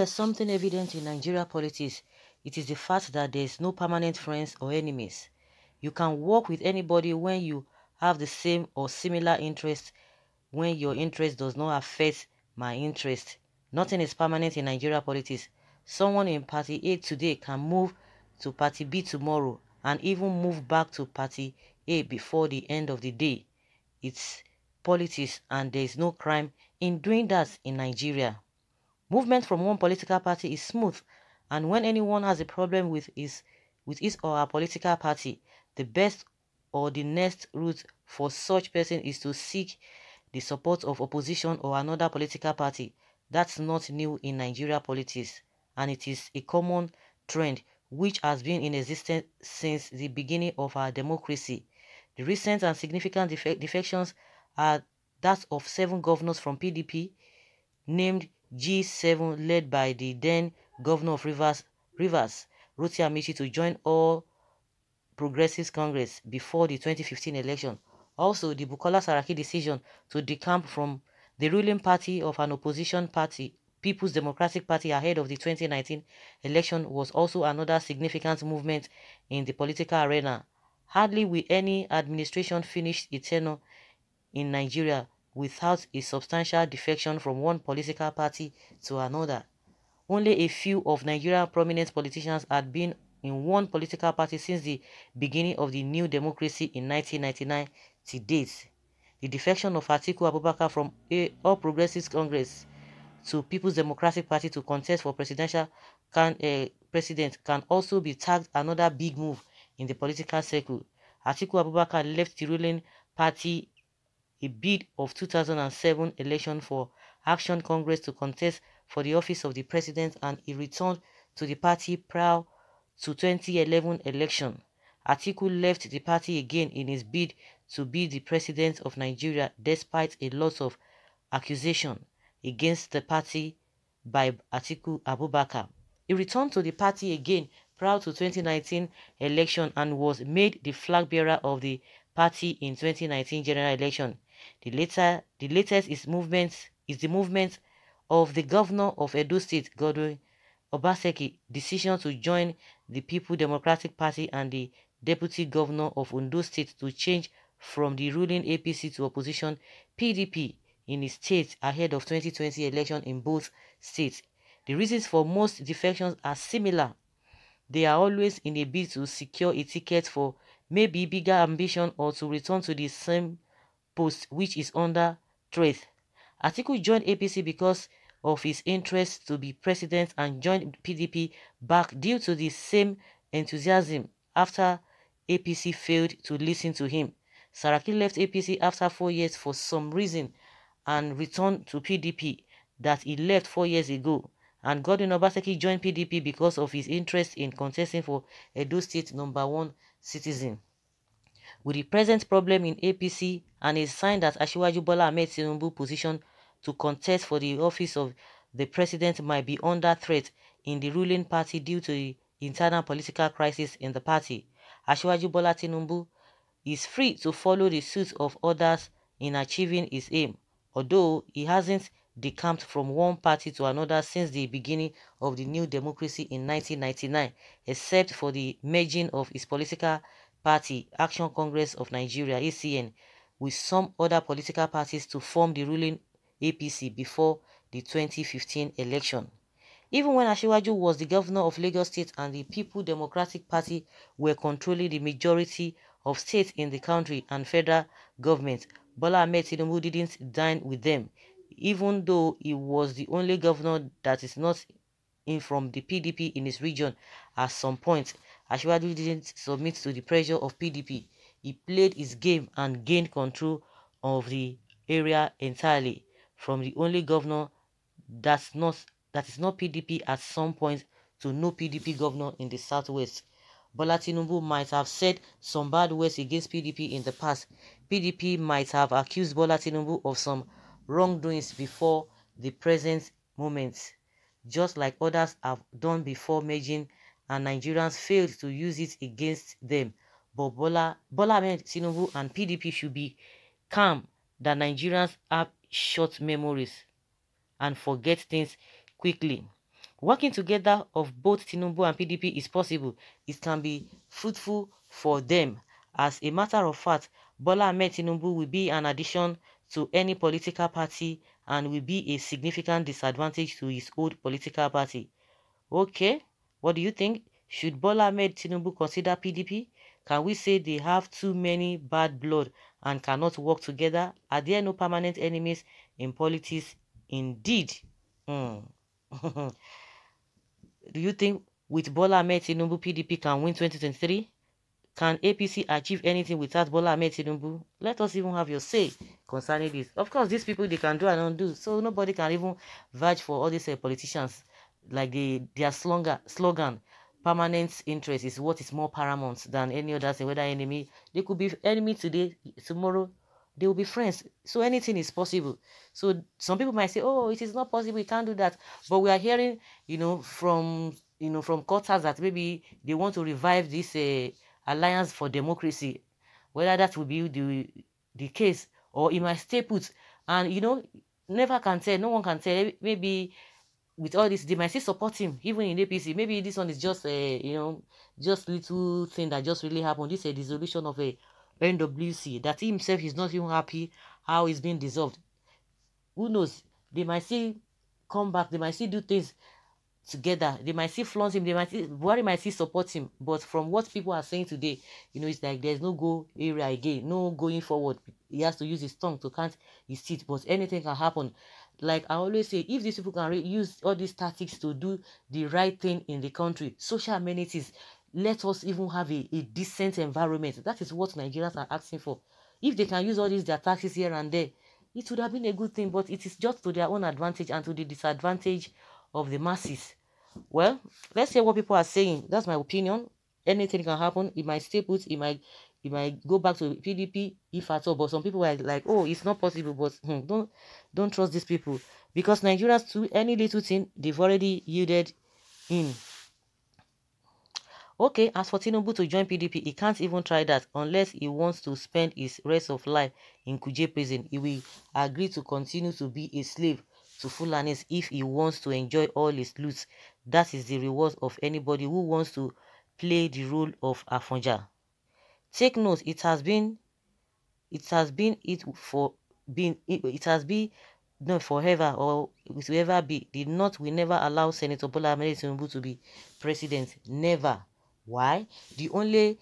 there's something evident in Nigeria politics, it is the fact that there's no permanent friends or enemies. You can work with anybody when you have the same or similar interests, when your interest does not affect my interest. Nothing is permanent in Nigeria politics. Someone in party A today can move to party B tomorrow and even move back to party A before the end of the day. It's politics and there is no crime in doing that in Nigeria. Movement from one political party is smooth, and when anyone has a problem with his, with his or her political party, the best or the next route for such person is to seek the support of opposition or another political party. That's not new in Nigeria politics, and it is a common trend which has been in existence since the beginning of our democracy. The recent and significant defections are that of seven governors from PDP named G7 led by the then Governor of Rivers, Rivers Ruti Amici to join all Progressives Congress before the 2015 election. Also, the Bukola Saraki decision to decamp from the ruling party of an opposition party, People's Democratic Party, ahead of the 2019 election was also another significant movement in the political arena. Hardly will any administration finish its tenure in Nigeria without a substantial defection from one political party to another. Only a few of Nigeria's prominent politicians had been in one political party since the beginning of the new democracy in 1999 to date. The defection of Atiku Abubakar from All Progressives Congress to People's Democratic Party to contest for presidential can, uh, president can also be tagged another big move in the political circle. Atiku Abubakar left the ruling party a bid of 2007 election for Action Congress to contest for the office of the president and he returned to the party prior to 2011 election. Atiku left the party again in his bid to be the president of Nigeria despite a lot of accusation against the party by Atiku Abubakar. He returned to the party again prior to 2019 election and was made the flag bearer of the party in 2019 general election. The later, the latest is movement is the movement of the governor of Edo State, Godwin Obaseki, decision to join the People Democratic Party and the deputy governor of Ondo State to change from the ruling APC to opposition PDP in his state ahead of 2020 election in both states. The reasons for most defections are similar. They are always in a bid to secure a ticket for maybe bigger ambition or to return to the same post which is under threat. Atiku joined APC because of his interest to be president and joined PDP back due to the same enthusiasm after APC failed to listen to him. Saraki left APC after four years for some reason and returned to PDP that he left four years ago. And Godwin Obaseki joined PDP because of his interest in contesting for Edo State number one citizen. With the present problem in APC and a sign that Ashiwaju Bola Ahmed Tinubu position to contest for the office of the president might be under threat in the ruling party due to the internal political crisis in the party, Ashiwaju Bola Tinubu is free to follow the suit of others in achieving his aim, although he hasn't decamped from one party to another since the beginning of the new democracy in 1999, except for the merging of his political Party, Action Congress of Nigeria (ACN) with some other political parties to form the ruling APC before the 2015 election. Even when Ashiwaju was the governor of Lagos State and the People Democratic Party were controlling the majority of states in the country and federal government, Bola Ahmed Tinubu didn't dine with them, even though he was the only governor that is not in from the PDP in his region at some point. Ashwadu didn't submit to the pressure of PDP. He played his game and gained control of the area entirely from the only governor that's not that is not PDP at some point to no PDP governor in the southwest. Bola Tinubu might have said some bad words against PDP in the past. PDP might have accused Bola Tinubu of some wrongdoings before the present moment, just like others have done before merging and Nigerians failed to use it against them. But Bola, Bola Ahmed Tinubu and PDP should be calm that Nigerians have short memories and forget things quickly. Working together of both Tinubu and PDP is possible. It can be fruitful for them. As a matter of fact, Bola Ahmed Tinubu will be an addition to any political party and will be a significant disadvantage to his old political party. Okay. What do you think? Should Bola Ahmed Tinubu consider PDP? Can we say they have too many bad blood and cannot work together? Are there no permanent enemies in politics? Indeed. Mm. do you think with Bola Ahmed Tinubu PDP can win 2023? Can APC achieve anything without Bola Ahmed Tinubu? Let us even have your say concerning this. Of course, these people, they can do and undo. So nobody can even vouch for all these uh, politicians like the their slogan slogan permanent interest is what is more paramount than any other thing whether enemy they could be enemy today tomorrow they will be friends so anything is possible so some people might say oh it is not possible we can't do that but we are hearing you know from you know from quarters that maybe they want to revive this uh, alliance for democracy whether that will be the the case or it might stay put and you know never can tell no one can tell maybe with all this, they might still support him, even in APC. Maybe this one is just a uh, you know just little thing that just really happened. This is uh, a dissolution of a uh, NWC that himself is not even happy how he's being dissolved. Who knows? They might still come back. They might still do things together. They might still flaunt him. They might still, Buhari might still support him. But from what people are saying today, you know, it's like there's no go area again, no going forward. He has to use his tongue to count his teeth. But anything can happen like I always say, if these people can use all these tactics to do the right thing in the country, social amenities, let us even have a, a decent environment. That is what Nigerians are asking for. If they can use all these their taxes here and there, it would have been a good thing, but it is just to their own advantage and to the disadvantage of the masses. Well, let's hear what people are saying. That's my opinion. Anything can happen. It might stay put, it might you might go back to PDP if at all. But some people are like, oh, it's not possible. But hmm, don't don't trust these people because Nigerians to any little thing they've already yielded in. Okay, as for Tinubu to join PDP, he can't even try that unless he wants to spend his rest of life in Kuje prison. He will agree to continue to be a slave to Fulanis if he wants to enjoy all his loot. That is the reward of anybody who wants to play the role of Afonja. Take note, it has been, it has been it for been it, it has been no forever or it will ever be. did not we never allow Senator Bola Ahmed Tinubu to be president. Never. Why? The only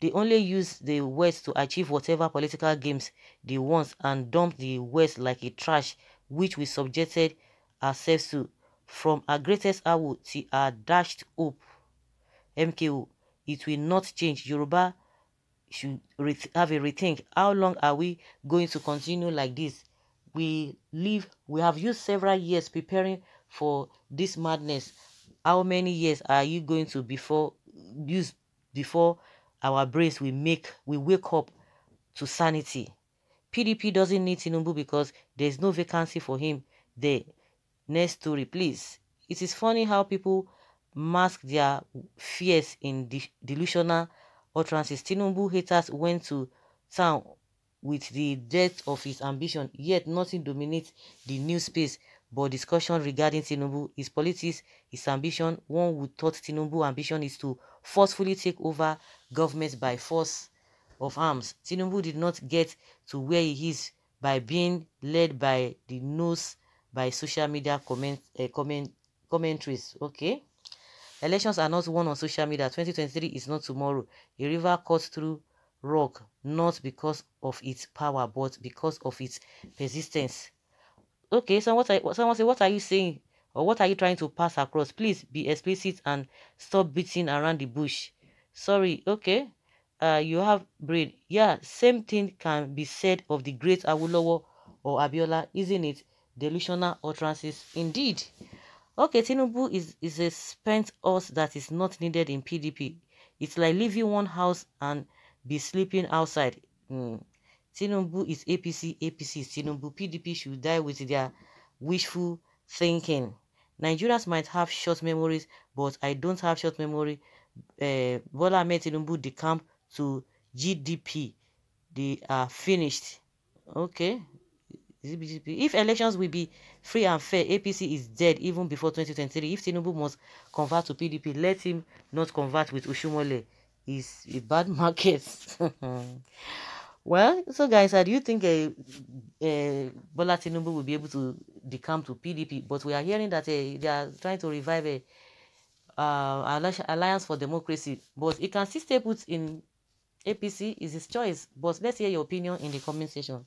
they only use the West to achieve whatever political games they want and dump the West like a trash which we subjected ourselves to from our greatest hour to our dashed hope. MKO, it will not change. Yoruba should have a rethink. How long are we going to continue like this? We live, we have used several years preparing for this madness. How many years are you going to before use before our brains we make we wake up to sanity? PDP doesn't need Tinubu because there's no vacancy for him there. Next story, please. It is funny how people mask their fears in de delusional utterances, Tinubu haters went to town with the depth of his ambition, yet nothing dominates the news space but discussion regarding Tinubu, his politics, his ambition. One would thought Tinubu's ambition is to forcefully take over government by force of arms. Tinubu did not get to where he is by being led by the nose by social media comment, uh, comment commentaries. Okay. Elections are not won on social media. 2023 is not tomorrow. A river cuts through rock, not because of its power, but because of its persistence. Okay, so what are, someone say, what are you saying? Or what are you trying to pass across? Please be explicit and stop beating around the bush. Sorry, okay. Uh, you have brain. Yeah, same thing can be said of the great Awolowo or Abiola, isn't it? Delusional utterances indeed. Okay, Tinubu is, is a spent horse that is not needed in PDP. It's like leaving one house and be sleeping outside. Mm. Tinubu is APC, APC is Tinubu. PDP should die with their wishful thinking. Nigerians might have short memories, but I don't have short memory. Uh, Bola met Tinubu the camp to GDP. They are finished. Okay, if elections will be free and fair, APC is dead even before 2023. If Tinubu must convert to PDP, let him not convert with Ushumole. It's a bad market. well, so guys, do you think uh, Bola Tinubu will be able to decamp to PDP? But we are hearing that eh, they are trying to revive a uh, Alliance for Democracy. But it can still stay put in APC is his choice. But let's hear your opinion in the comment section.